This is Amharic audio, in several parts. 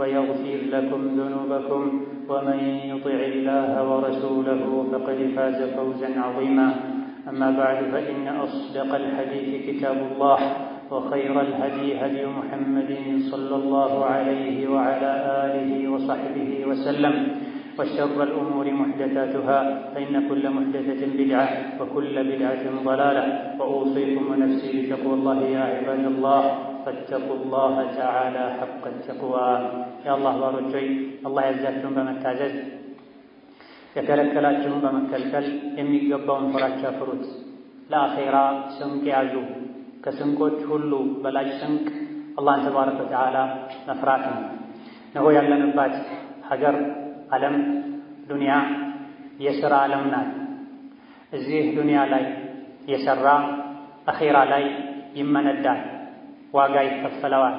ويغفر لكم ذنوبكم ومن يطع الله ورسوله فقد فاز فوزا عظيما أما بعد فإن أصدق الحديث كتاب الله وخير الهدي هدي محمد صلى الله عليه وعلى آله وصحبه وسلم وشر الأمور محدثاتها فإن كل محدثة بدعة وكل بدعة ضلالة وأوصيكم ونفسي بتقوى الله يا عباد الله فاتقوا الله تعالى حق ಕಲ್ಪಿಸಕುವ ಅಲ್ಲಾಹ್ ಬಾರು ಜೊಯ್ ಅಲ್ಲಾಹ್ ಎಜ್ಜಾಚುಂ በመታዘዝ የከለከላችሁን በመከልከል የሚገባውን ፍራቻ ፍሩት። ለአኼራ ስንቅ ያዙ። ከስንቆች ሁሉ በላጭ ስንቅ አላህን ተባረከ ወተዓላ መፍራት ነው። ነሆ ያለንባት ሀገር ዓለም ዱንያ የሥራ ዓለም ናት። እዚህ ዱንያ ላይ የሠራ አኼራ ላይ ይመነዳል፣ ዋጋ ይከፈለዋል።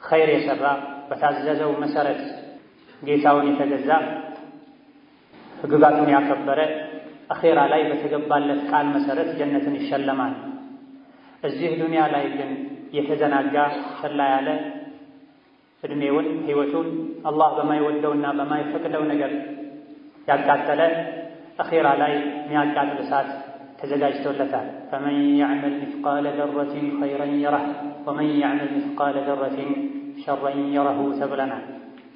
خير يسرى بتعززه مسرت جيتاوني تجزا حقوقاتني أكبر أخيرا لا يتقبى لك على جنة الشلمان الزيه دنيا لا يجن يتزنى الجا شلا يالا ادميون هيوتون الله بما يودونا بما يفقدون نجر يقاتل أخيرا لا يقاتل ساس تزجاج تولتا فمن يعمل مثقال ذرة خيرا يره ወመን ያዕመል ምስቃለ ዘረትን ሸረን የረሁ ተብለናል።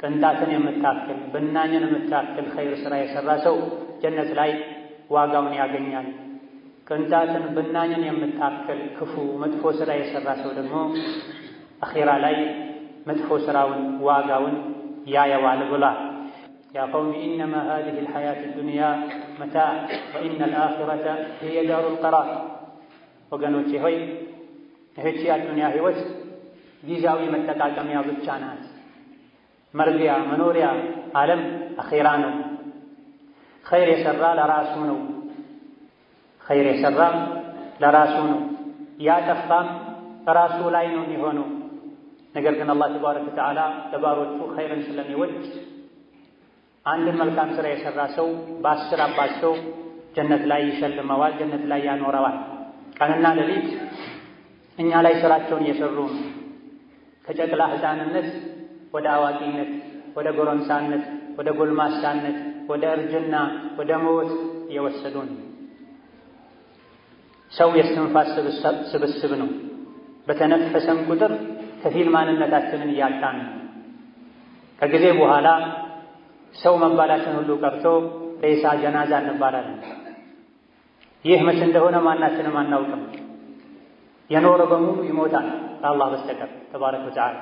ቅንጣትን የምታክል ብናኝን የምታክል ኸይር ሥራ የሠራ ሰው ጀነት ላይ ዋጋውን ያገኛል። ቅንጣትን ብናኝን የምታክል ክፉ መጥፎ ሥራ የሠራ ሰው ደግሞ አኼራ ላይ መጥፎ ሥራውን ዋጋውን ያየዋል ብሏል። ያ ቀውሚ ኢነማ ሃዚህ ልሐያት ዱንያ መታዕ ወኢነ ልአኺረተ ሂየ ዳሩ ልቀራር ወገኖቼ ሆይ ይህች የአዱንያ ህይወት ጊዜያዊ መጠቃቀሚያ ብቻ ናት። መርጊያ መኖሪያ ዓለም አኼራ ነው። ኸይር የሠራ ለራሱ ነው። ኸይር የሠራ ለራሱ ነው። ያጠፋም ራሱ ላይ ነው የሚሆነው። ነገር ግን አላህ ተባረከ ወተዓላ ለባሮቹ ኸይርን ስለሚወድ አንድን መልካም ሥራ የሠራ ሰው በአስር አባቸው ጀነት ላይ ይሸልመዋል፣ ጀነት ላይ ያኖረዋል። ቀንና ሌሊት እኛ ላይ ስራቸውን እየሰሩ ነው። ከጨቅላ ህፃንነት ወደ አዋቂነት፣ ወደ ጎረምሳነት፣ ወደ ጎልማሳነት፣ ወደ እርጅና፣ ወደ ሞት ነው። ሰው የስትንፋስ ስብስብ ነው። በተነፈሰም ቁጥር ከፊል ማንነታችንን እያጣን ነው። ከጊዜ በኋላ ሰው መባላችን ሁሉ ቀርቶ ሬሳ፣ ጀናዛ እንባላለን። ይህ መቼ እንደሆነ ማናችንም አናውቅም። የኖረ በሙሉ ይሞታል ከአላህ በስተቀር ተባረከ ወተዓላ።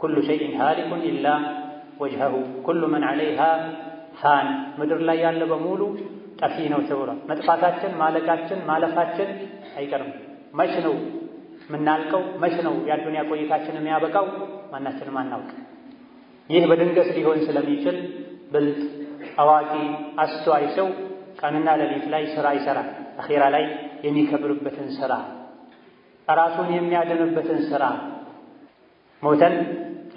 ኩሉ ሸይን ሃሊኩን ኢላ ወጅሀሁ ኩሉ መን ዐለይሃ ፋን። ምድር ላይ ያለ በሙሉ ጠፊ ነው ተብሏል። መጥፋታችን፣ ማለቃችን፣ ማለፋችን አይቀርም። መች ነው የምናልቀው? መች ነው የአዱንያ ቆይታችን የሚያበቃው? ማናችንም አናውቅ። ይህ በድንገት ሊሆን ስለሚችል ብልጥ አዋቂ አስተዋይ ሰው ቀንና ሌሊት ላይ ስራ ይሰራል። አኼራ ላይ የሚከብርበትን ስራ ራሱን የሚያድንበትን ስራ ሞተን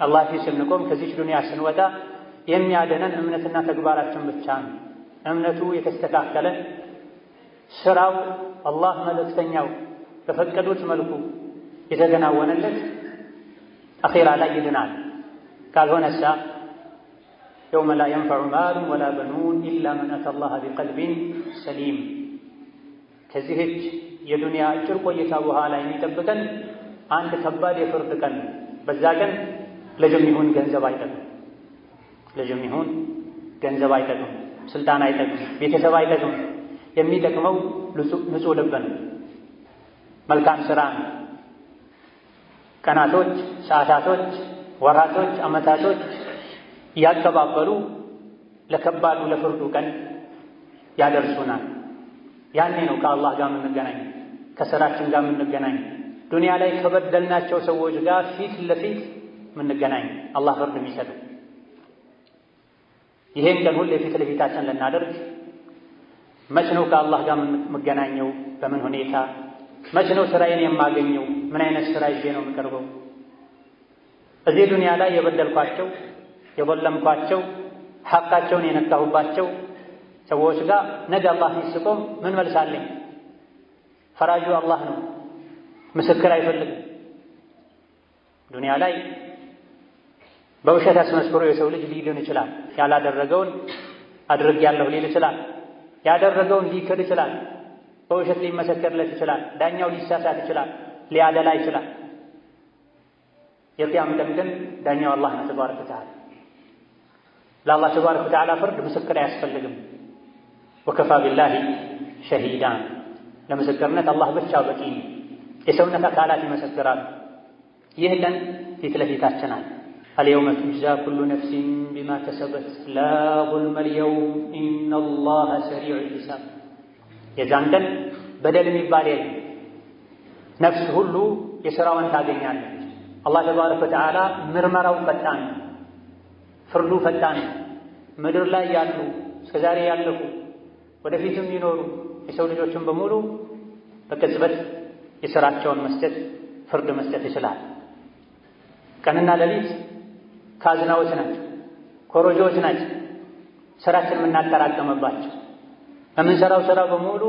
አላህ ፊት ስንቆም ከዚች ዱንያ ስንወጣ የሚያደነን እምነትና ተግባራችን ብቻ ነው። እምነቱ የተስተካከለ ስራው አላህ መልእክተኛው በፈቀዱት መልኩ የተከናወነለት አኼራ ላይ ይድናል። ካልሆነሳ የውመ ላ የንፈዑ ማሉን ወላ በኑን ኢላ መን አተ አላህ ቢቀልቢን ሰሊም ከዚህች የዱንያ አጭር ቆይታ በኋላ የሚጠብቀን አንድ ከባድ የፍርድ ቀን ነው። በዛ ቀን ልጅም ይሁን ገንዘብ አይጠቅም፣ ልጅም ይሁን ገንዘብ አይጠቅም፣ ስልጣን አይጠቅም፣ ቤተሰብ አይጠቅም። የሚጠቅመው ንጹሕ ልብ ነው፣ መልካም ስራ ነው። ቀናቶች፣ ሰዓታቶች፣ ወራቶች፣ አመታቶች እያቀባበሉ ለከባዱ ለፍርዱ ቀን ያደርሱናል። ያኔ ነው ከአላህ ጋር የምንገናኝ ከስራችን ጋር የምንገናኝ ዱንያ ላይ ከበደልናቸው ሰዎች ጋር ፊት ለፊት የምንገናኝ አላህ ፍርድ የሚሰጠው። ይሄን ቀን ሁሌ ፊት ለፊታችን ልናደርግ መች ነው ከአላህ ጋር የምገናኘው? በምን ሁኔታ? መች ነው ስራዬን የማገኘው? ምን አይነት ስራ ይዤ ነው የምቀርበው? እዚህ ዱንያ ላይ የበደልኳቸው፣ የበለምኳቸው፣ ሐቃቸውን የነካሁባቸው ሰዎች ጋር ነገ አላህ ሲስቆም ምን መልሳለኝ? ፈራጁ አላህ ነው፣ ምስክር አይፈልግም። ዱንያ ላይ በውሸት አስመስክሮ የሰው ልጅ ሊድን ይችላል። ያላደረገውን አድርጌያለሁ ሊል ይችላል። ያደረገውን ሊክድ ይችላል። በውሸት ሊመሰከርለት ይችላል። ዳኛው ሊሳሳት ይችላል። ሊያደላ ይችላል። የቅያም ቀን ግን ዳኛው አላህ ነው ተባረከ ተዓላ ለአላህ ተባረከ ተዓላ ፍርድ ምስክር አያስፈልግም። ወከፋ ቢላሂ ሸሂዳን ለምስክርነት አላህ ብቻ በቂ የሰውነት አካላት ይመሰክራሉ። ይህ ለን ፊት ለፊታችን አለ። አልየውመ ቱጅዛ ኩሉ ነፍሲን ቢማ ከሰበት ላ ዙልመ ልየውም ኢነላሃ ሰሪዑ ልሒሳብ። የዛን ቀን በደል የሚባል የለም። ነፍስ ሁሉ የሥራዋን ታገኛለች። አላህ ተባረከ ወተዓላ ምርመራው ፈጣን፣ ፍርዱ ፈጣን። ምድር ላይ ያሉ እስከዛሬ ዛሬ ያለፉ ወደፊትም ይኖሩ የሰው ልጆችን በሙሉ በቅጽበት የሥራቸውን መስጠት ፍርድ መስጠት ይችላል። ቀንና ሌሊት ካዝናዎች ናቸው፣ ኮረጆዎች ናቸው። ሥራችን የምናጠራቀምባቸው የምንሠራው ሥራ በሙሉ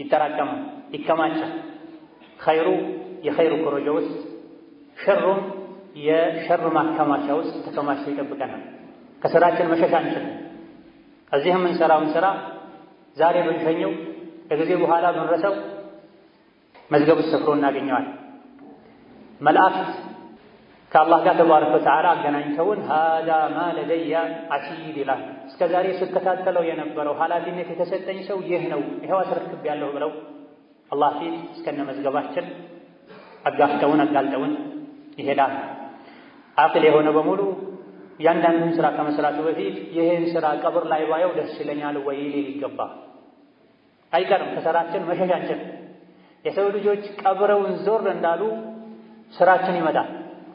ይጠራቀማል፣ ይከማቻል። ኸይሩ የኸይሩ ኮረጆ ውስጥ፣ ሸሩም የሸር ማከማቻ ውስጥ ተከማችቶ ይጠብቀናል። ከሥራችን መሸሻ አንችልም። እዚህ የምንሠራውን ሥራ ዛሬ ብንሸኘው ከጊዜ በኋላ ብንረሰው መዝገቡ ሰፍሮ እናገኘዋል። መላእክት ከአላህ ጋር ተባረከ ወተዓላ አገናኝተውን ሃዳ ማ ለደያ አቲድ ይላል። እስከ ዛሬ ስከታተለው የነበረው ኃላፊነት የተሰጠኝ ሰው ይህ ነው፣ ይኸው አስረክብ ያለሁ ብለው አላህ ፊት እስከነ መዝገባችን አጋፍጠውን አጋልጠውን ይሄዳል። አቅል የሆነ በሙሉ እያንዳንዱን ስራ ከመስራቱ በፊት ይህን ስራ ቀብር ላይ ባየው ደስ ይለኛል ወይ ሊል ይገባ አይቀርም። ከሰራችን መሸሻችን የሰው ልጆች ቀብረውን ዞር እንዳሉ ስራችን ይመጣል።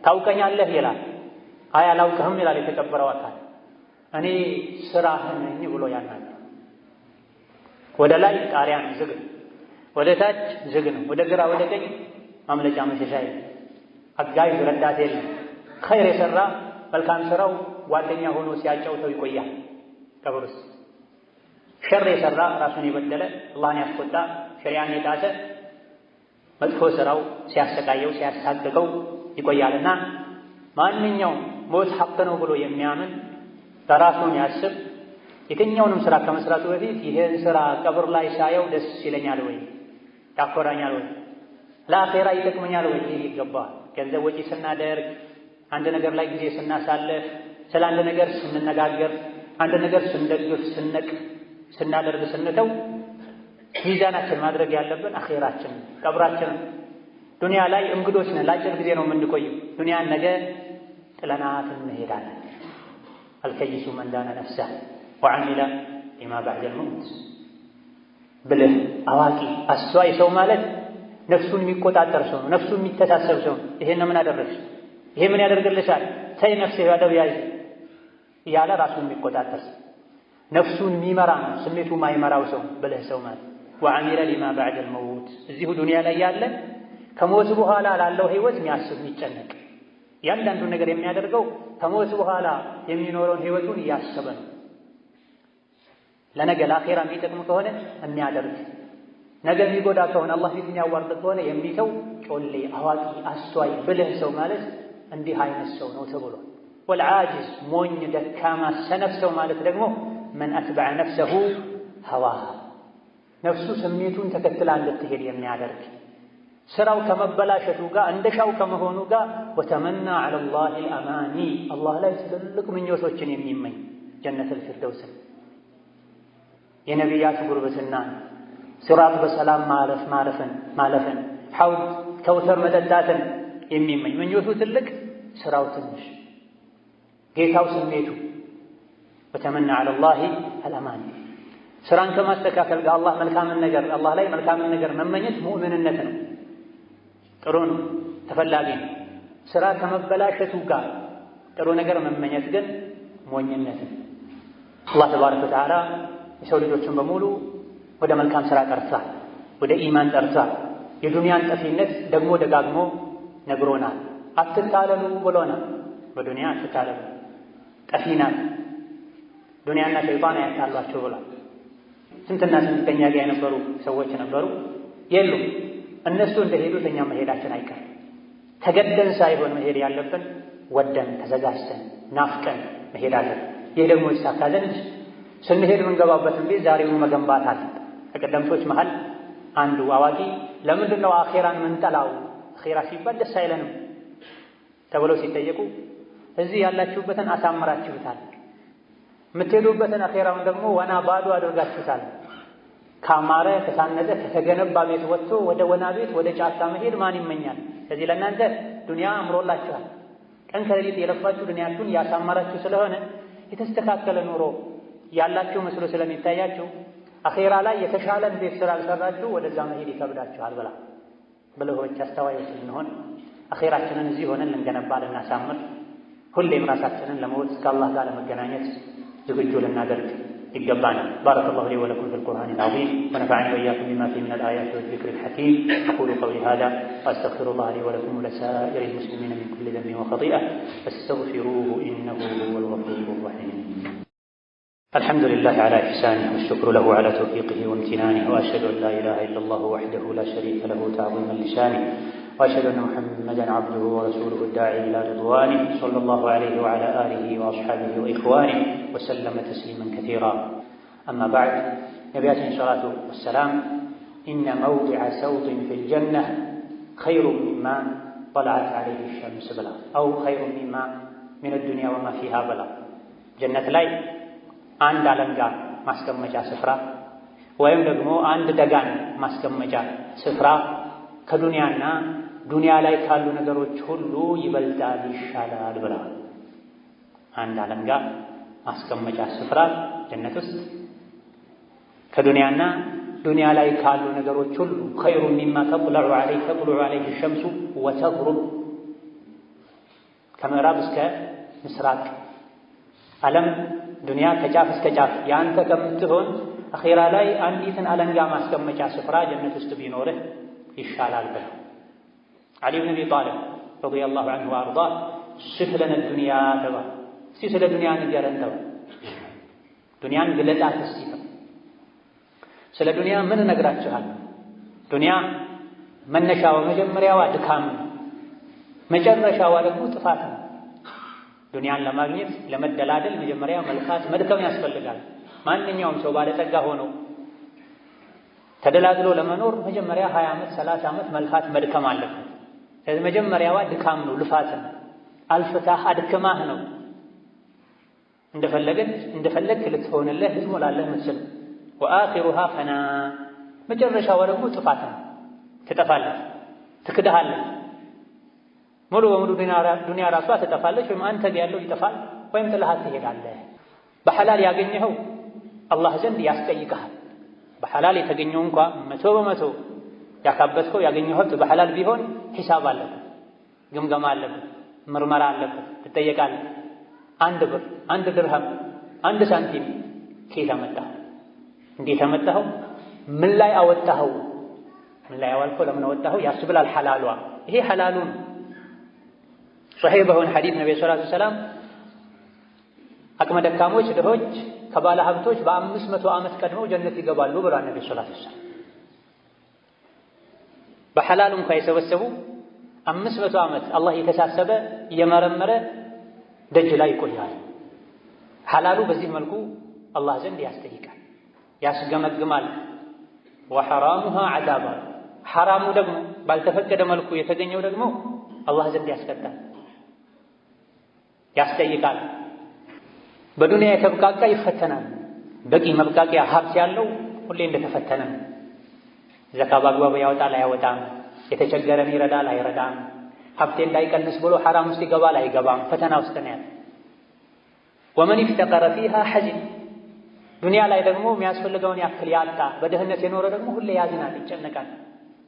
ታውቀኛለህ ይላል። አይ አላውቅህም ይላል የተቀበረው አካል። እኔ ስራህ ነኝ ብሎ ያናል። ወደ ላይ ጣሪያን ዝግ ነው፣ ወደ ታች ዝግ ነው፣ ወደ ግራ ወደ ቀኝ ማምለጫ መሸሻ የለም፣ አጋዥ ረዳት የለም። ኸይር የሰራ መልካም ስራው ጓደኛ ሆኖ ሲያጫውተው ይቆያል። ቀብሩስ ሸር የሰራ ራሱን የበደለ አላህን ያስቆጣ ሸሪያን የጣሰ መጥፎ ስራው ሲያሰቃየው ሲያሳቅቀው ይቆያልና ማንኛውም ሞት ሐቅ ነው ብሎ የሚያምን በራሱን ያስብ። የትኛውንም ስራ ከመስራቱ በፊት ይህን ስራ ቀብር ላይ ሳየው ደስ ይለኛል ወይ ያኮራኛል ወይ ለአኼራ ይጠቅመኛል ወይ ይገባል። ገንዘብ ወጪ ስናደርግ አንድ ነገር ላይ ጊዜ ስናሳለፍ፣ ስለ አንድ ነገር ስንነጋገር፣ አንድ ነገር ስንደግፍ፣ ስንነቅ፣ ስናደርግ፣ ስንተው ሚዛናችን ማድረግ ያለብን አኼራችን ቀብራችን። ዱንያ ላይ እንግዶች ነን፣ ለአጭር ጊዜ ነው የምንቆየው። ዱንያን ነገ ጥለናት እንሄዳለን። አልከይሱ መንዳነ ነፍሳ ወዐሚለ ሊማ ባዕደል መውት ብልህ አዋቂ አስተዋይ ሰው ማለት ነፍሱን የሚቆጣጠር ሰው ነው። ነፍሱን የሚተሳሰብ ሰው ነው። ይሄን ምን አደረግሽ? ይሄ ምን ያደርግልሻል? ተይ ነፍሴ ያደብ ያይ እያለ ራሱን የሚቆጣጠር ነፍሱን የሚመራ ነው። ስሜቱ ማይመራው ሰው ብልህ ሰው ማለት ወዐሚለ ሊማ ባዕደ ልመውት እዚሁ ዱንያ ላይ ያለ ከሞት በኋላ ላለው ህይወት የሚያስብ የሚጨነቅ ያንዳንዱ ነገር የሚያደርገው ከሞት በኋላ የሚኖረውን ህይወቱን እያሰበ ነው። ለነገ ለአኼራ የሚጠቅም ከሆነ የሚያደርግ ነገ የሚጎዳ ከሆነ አላህ ፊት የሚያዋርድ ከሆነ የሚተው ጮሌ፣ አዋቂ፣ አስተዋይ ብልህ ሰው ማለት እንዲህ አይነት ሰው ነው ተብሏል። ወልዓጅዝ ሞኝ፣ ደካማ፣ ሰነፍ ሰው ማለት ደግሞ መን አትበዐ ነፍሰሁ ሀዋሃ ነፍሱ ስሜቱን ተከትላ እንድትሄድ የሚያደርግ ስራው ከመበላሸቱ ጋር እንደሻው ከመሆኑ ጋር ወተመና ዐለላሂ አልአማኒ አላህ ላይ ትልልቅ ምኞቶችን የሚመኝ ጀነተል ፊርደውስን የነቢያት ጉርብትናን ሲራጥ በሰላም ማለፍ ማለፍን ማለፍን ሐውድ ከውተር መጠጣትን የሚመኝ ምኞቱ ትልቅ ስራው ትንሽ፣ ጌታው ስሜቱ ወተመና ዐለላሂ አላማን ስራን ከማስተካከል ጋር አላህ መልካምን ነገር አላህ ላይ መልካምን ነገር መመኘት ሙእምንነት ነው። ጥሩ ነው፣ ተፈላጊ ነው። ስራ ከመበላሸቱ ጋር ጥሩ ነገር መመኘት ግን ሞኝነት ነው። አላህ ተባረከ ወተዓላ የሰው ልጆችን በሙሉ ወደ መልካም ስራ ጠርቷል፣ ወደ ኢማን ጠርቷል። የዱንያን ጠፊነት ደግሞ ደጋግሞ ነግሮናል። አትታለሉ ነው። በዱንያ አትታለሉ ጠፊናት ዱንያና ሸይጣን አያታሏቸው ብሏል። ስንትና ስንተኛ ጋር የነበሩ ሰዎች ነበሩ የሉም። እነሱ እንደሄዱት እኛም መሄዳችን አይቀርም። ተገደን ሳይሆን መሄድ ያለብን ወደን ተዘጋጅተን ናፍቀን መሄድ አለብን። ይህ ደግሞ ይሳካ ስንሄድ የምንገባበትን ቤት ዛሬውኑ መገንባት አለብን። ከቀደምቶች መሃል አንዱ አዋቂ ለምንድን ነው አኼራን ምንጠላው? አኼራ ሲባል ደስ አይለንም ተብለው ሲጠየቁ እዚህ ያላችሁበትን አሳምራችሁታል፣ የምትሄዱበትን አኼራውን ደግሞ ወና ባዶ አድርጋችሁታል። ካማረ ከሳነጸ ከተገነባ ቤት ወጥቶ ወደ ወና ቤት ወደ ጫካ መሄድ ማን ይመኛል? ስለዚህ ለእናንተ ዱንያ አምሮላችኋል። ቀን ከሌሊት የለፋችሁ ዱንያችሁን ያሳመራችሁ ስለሆነ የተስተካከለ ኑሮ ያላችሁ መስሎ ስለሚታያችሁ አኼራ ላይ የተሻለን ቤት ስላልሰራችሁ ወደዛ መሄድ ይከብዳችኋል ብላ ብለሆች አስተዋዮች ልንሆን አኼራችንን እዚህ ሆነን ልንገነባ ልናሳምር፣ ሁሌም ራሳችንን ለመሞት ከአላህ ጋር ለመገናኘት ዝግጁ ልናደርግ ይገባናል። ባረከ ላሁ ሊ ወለኩም ፊ ልቁርአን ልዓዚም ወነፈዐኒ ወኢያኩም ቢማ ፊህ ምን አልአያት ወዚክር ልሐኪም አቁሉ ቀውሊ ሃዛ ወአስተግፊሩ ላህ ሊ ወለኩም ወለሳኢሪ ልሙስሊሚን ሚን ኩሊ ዘንቢን ወኸጢአ ፈስተግፊሩሁ ኢነሁ ሁወ ልገፉሩ ረሒም الحمد لله على إحسانه والشكر له على توفيقه وامتنانه وأشهد أن لا إله إلا الله وحده لا شريك له تعظيما لسانه وأشهد أن محمدا عبده ورسوله الداعي إلى رضوانه صلى الله عليه وعلى آله وأصحابه وإخوانه وسلم تسليما كثيرا أما بعد عليه الصلاة والسلام إن موضع سوط في الجنة خير مما طلعت عليه الشمس بلا أو خير مما من الدنيا وما فيها بلا لاي عند አንድ አለንጋ مجا سفرا ወይም ደግሞ አንድ ደጋን ማስቀመጫ ስፍራ ከዱንያና ዱንያ ላይ ካሉ ነገሮች ሁሉ ይበልጣል፣ ይሻላል ብለዋል። አንድ አለንጋ ጋር ማስቀመጫ ስፍራ ጀነት ውስጥ ከዱንያና ዱንያ ላይ ካሉ ነገሮች ሁሉ ኸይሩ ሚማ ተጥለዑ ዐለይሂ ተጥለዑ ዐለይሂ ሸምሱ ወተግሩብ ከምዕራብ እስከ ምስራቅ ዓለም ዱንያ ከጫፍ እስከ ጫፍ የአንተ ከምትሆን አኼራ ላይ አንዲትን አለንጋ ማስቀመጫ ስፍራ ጀነት ውስጥ ቢኖርህ ይሻላል ብለው ዓሊ ብን አቢ ጣልብ ረዲየላሁ ዐንሁ ወአርዳ ሽፍ ዱንያ ተባ እስቲ ስለ ዱንያ ንገረን ተባ ዱንያን ግለጣት እስቲ ስለ ዱንያ ምን እነግራችኋል? ዱንያ መነሻዋ መጀመሪያዋ ድካም ነው፣ መጨረሻዋ ደግሞ ጥፋት ነው። ዱንያን ለማግኘት ለመደላደል መጀመሪያ መልካት መድከም ያስፈልጋል። ማንኛውም ሰው ባለጸጋ ሆኖ ተደላድሎ ለመኖር መጀመሪያ 20 ዓመት 30 ዓመት መልካት መድከም አለበት። ከዚህ መጀመሪያዋ ድካም ነው፣ ልፋት ነው፣ አልፍታህ አድክማህ ነው። እንደፈለገች እንደፈለግክ ልትሆንለህ ልትሞላለህ መስል ወአኺሩሃ ፈና፣ መጨረሻዋ ደግሞ ጥፋት ነው። ትጠፋለህ፣ ትክድሃለህ። ሙሉ በሙሉ ዱንያ ራሷ ትጠፋለች፣ ወይም አንተ ያለው ይጠፋል፣ ወይም ጥልሃት ትሄዳለህ። በሐላል ያገኘኸው አላህ ዘንድ ያስጠይቅሃል። በሐላል የተገኘው እንኳ መቶ በመቶ ያካበትከው ያገኘው ሀብት በሐላል ቢሆን ሂሳብ አለበት፣ ግምገማ አለበት፣ ምርመራ አለበት፣ ትጠየቃለህ። አንድ ብር፣ አንድ ድርሃም፣ አንድ ሳንቲም ከየት አመጣኸው? እንዴት አመጣኸው? ምን ላይ አወጣኸው? ምን ላይ አዋልከው? ለምን አወጣኸው? ያስብላል። ሐላሏ ይሄ ሐላሉ ነው። ሶሒህ በሆነ ሐዲስ ነቢ ሰለላሁ ዐለይሂ ወሰለም አቅመ ደካሞች፣ ድሆች ከባለ ሀብቶች በአምስት መቶ ዓመት ቀድመው ጀነት ይገባሉ ብሏል ነቢ ሰለላሁ ዐለይሂ ወሰለም በሐላል እንኳ የሰበሰቡ አምስት መቶ ዓመት አላህ እየተሳሰበ እየመረመረ ደጅ ላይ ይቆያል። ሐላሉ በዚህ መልኩ አላህ ዘንድ ያስጠይቃል፣ ያስገመግማል። ወሐራሙሃ ዓዛባ ሐራሙ ደግሞ ባልተፈቀደ መልኩ የተገኘው ደግሞ አላህ ዘንድ ያስቀጣል፣ ያስጠይቃል። በዱንያ የተብቃቃ ይፈተናል። በቂ መብቃቂያ ሀብት ያለው ሁሌ እንደተፈተነ ነው። ዘካ በአግባቡ ያወጣል አያወጣም፣ የተቸገረን ይረዳል አይረዳም፣ ሀብቴ እንዳይቀንስ ብሎ ሐራም ውስጥ ይገባል አይገባም፣ ፈተና ውስጥ ነው ያለ። ወመን ኢፍተቀረ ፊሃ ሐዚን ዱንያ ላይ ደግሞ የሚያስፈልገውን ያክል ያጣ በድህነት የኖረ ደግሞ ሁሌ ያዝናል፣ ይጨነቃል፣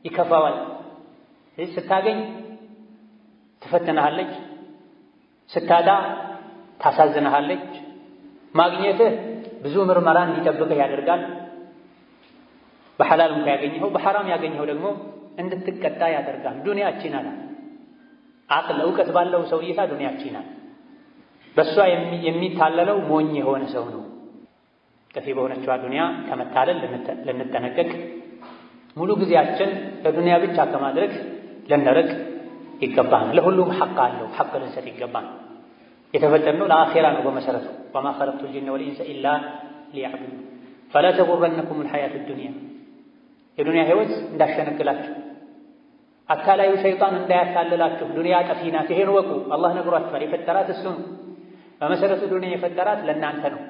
ይከፋዋል። ስታገኝ ትፈትንሃለች፣ ስታጣ ታሳዝናለች። ማግኘትህ ብዙ ምርመራ እንዲጠብቅህ ያደርጋል። በሐላል እንኳ ያገኘኸው በሐራም ያገኘኸው ደግሞ እንድትቀጣ ያደርጋል። ዱንያችን አላ አቅል እውቀት ባለው ሰው እይታ ዱንያችን አላ በእሷ የሚታለለው ሞኝ የሆነ ሰው ነው። ጠፊ በሆነችዋ ዱንያ ከመታለል ልንጠነቀቅ፣ ሙሉ ጊዜያችን ለዱንያ ብቻ ከማድረግ ልንርቅ ይገባናል። ለሁሉም ሐቅ አለው፣ ሐቅ ልንሰጥ ይገባናል። የተፈጠርነው ለአኼራ ነው በመሰረቱ ወማ ኸለቅቱ ልጅነ ወልኢንሰ ኢላ ሊያዕቡዱ ፈላ ተጉረነኩም ልሐያቱ ዱንያ የዱንያ ህይወት እንዳሸነግላችሁ አካላዊ ሸይጣን እንዳያታልላችሁ። ዱንያ ጠፊ ናት፣ ይሄን ወቁ። አላህ ነግሯችኋል። የፈጠራት እሱ ነው። በመሰረቱ ዱንያ የፈጠራት ለእናንተ ነው።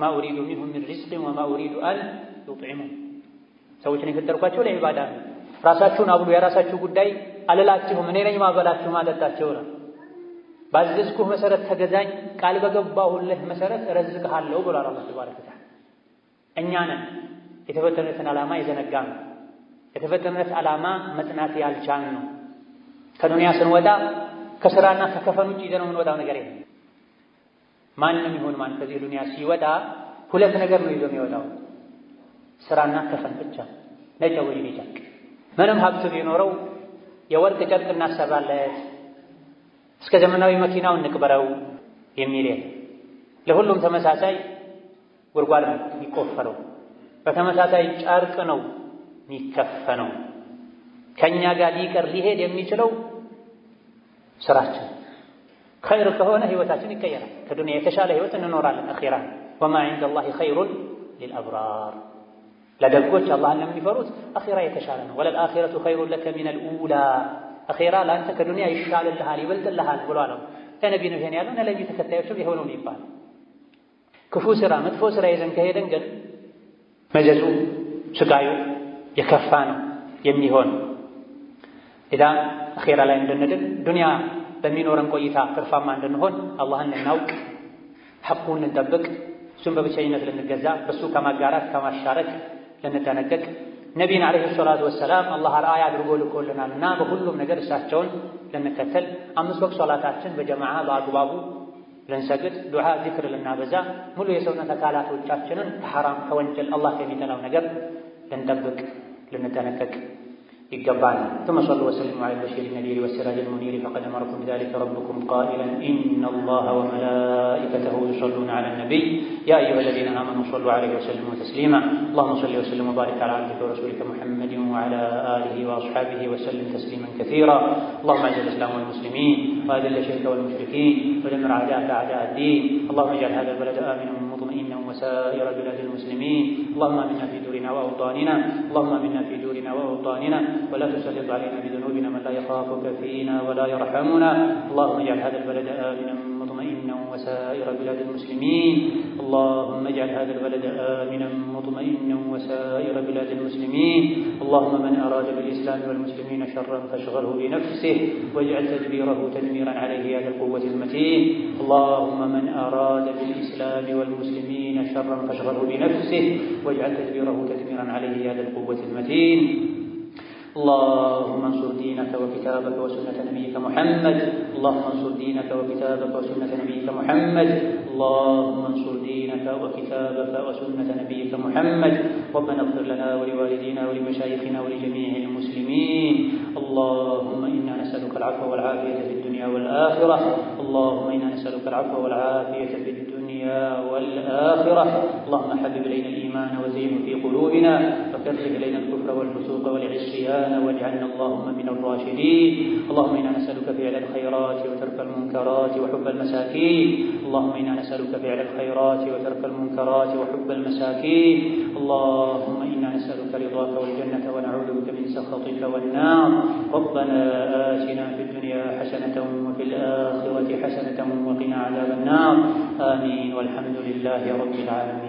ማ ኡሪዱ ሚንሁም ሚን ሪዝቅን ወማ ኡሪዱ አን ዩጥዕሙ ሰዎችን የፈጠርኳቸው ለዒባዳ ነው። ራሳችሁን አብሉ፣ የራሳችሁ ጉዳይ አልላችሁም። እኔ ነኝ ማበላችሁ ማጠጣችሁ ነው። ባዘዝኩህ መሰረት ተገዛኝ፣ ቃል በገባሁልህ መሰረት እረዝቅሃለሁ ብሏል አላህ ተባረከ ወተዓላ። እኛ ነን የተፈተኑትን ዓላማ የዘነጋ ነው። የተፈተነት ዓላማ መጽናት ያልቻል ነው። ከዱንያ ስንወጣ ከስራና ከከፈን ውጭ ይዘነው የምንወጣው ነገር የለም። ማንም ይሁን ማን ከዚህ ዱንያ ሲወጣ ሁለት ነገር ነው ይዞ የሚወጣው ስራና ከፈን ብቻ። ነጭ ወይ ጨርቅ፣ ምንም ሀብት ቢኖረው የወርቅ ጨርቅ እናሰራለት እስከ ዘመናዊ መኪናው እንቅበረው የሚል ለሁሉም ተመሳሳይ ጉድጓድ ነው የሚቆፈረው። በተመሳሳይ ጨርቅ ነው የሚከፈነው። ከእኛ ጋር ሊቀር ሊሄድ የሚችለው ስራችን ኸይር ከሆነ ህይወታችን ይቀየራል። ከዱንያ የተሻለ ህይወት እንኖራለን። አኺራ ወማ ዒንደላሂ ኸይሩን ሊልአብራር ለደጎች አላህን ለሚፈሩት አኺራ የተሻለ ነው። ወለልአኺረቱ ኸይሩን ለከ ሚነል ኡላ አኺራ ለአንተ ከዱንያ ይሻልልሃል፣ ይበልጥልሃል ብሎ አለው። ለነቢ ነው ይሄን ያለው፣ ለነቢ ተከታዮችም የሆነው ይባል። ክፉ ስራ መጥፎ ስራ ይዘን ከሄደን ግን መዘዙ ስቃዩ የከፋ ነው የሚሆን ኢዳ አኼራ ላይ እንድንድን ዱንያ በሚኖረን ቆይታ ትርፋማ እንድንሆን አላህን እናውቅ፣ ሐቁን እንጠብቅ። እሱን በብቸኝነት ልንገዛ በሱ ከማጋራት ከማሻረክ ልንጠነቀቅ። ነቢይን ዓለይሂ ሰላቱ ወሰላም አላህ አርአያ አድርጎ ልኮልናልና በሁሉም ነገር እሳቸውን ልንከተል። አምስት ወቅት ሶላታችን በጀማዓ በአግባቡ ልንሰግድ፣ ዱዓ፣ ዚክር ልናበዛ፣ ሙሉ የሰውነት አካላቶቻችንን ከሐራም ከወንጀል አላህ ከሚጠላው ነገር ልንጠብቅ ልንጠነቀቅ يقبعنا ثم صلوا وسلموا على البشير النذير والسراج المنير فقد امركم بذلك ربكم قائلا ان الله وملائكته يصلون على النبي يا ايها الذين امنوا صلوا عليه وسلموا تسليما اللهم صل وسلم وبارك على عبدك ورسولك محمد وعلى اله واصحابه وسلم تسليما كثيرا اللهم اعز الاسلام والمسلمين واذل الشرك والمشركين ودمر اعداءك اعداء الدين اللهم اجعل هذا البلد امنا مطمئنا وسائر بلاد المسلمين اللهم امنا في دورنا واوطاننا اللهم امنا في دورنا بأماكننا وأوطاننا ولا تسلط علينا بذنوبنا من لا يخافك فينا ولا يرحمنا اللهم اجعل هذا البلد آمنا مطمئنا وسائر بلاد المسلمين اللهم اجعل هذا البلد آمنا مطمئنا وسائر بلاد المسلمين اللهم من أراد بالإسلام والمسلمين شرا فاشغله بنفسه واجعل تدبيره تدميرا عليه يا ذا القوة المتين اللهم من أراد بالإسلام والمسلمين شرا فاشغله بنفسه واجعل تدبيره تدميرا عليه يا ذا القوة المتين اللهم انصر دينك وكتابك وسنة نبيك محمد اللهم انصر دينك وكتابك وسنة نبيك محمد اللهم انصر دينك وكتابك وسنة نبيك محمد ربنا اغفر لنا ولوالدينا ولمشايخنا ولجميع المسلمين اللهم إنا نسألك العفو والعافية في الدنيا والآخرة اللهم إنا نسألك العفو والعافية في الدنيا والآخرة اللهم حبب إلينا الإيمان وزينه في قلوبنا وكره إلينا الكفر والفسوق والعصيان واجعلنا اللهم من الراشدين اللهم إنا نسألك فعل الخيرات وترك المنكرات وحب المساكين اللهم إنا نسألك فعل الخيرات وترك المنكرات وحب المساكين اللهم إنا نسألك رضاك والجنة ونعوذ بك من سخطك والنار ربنا آتنا في الدنيا حسنة وفي الآخرة حسنة وقنا عذاب النار آمين والحمد لله رب العالمين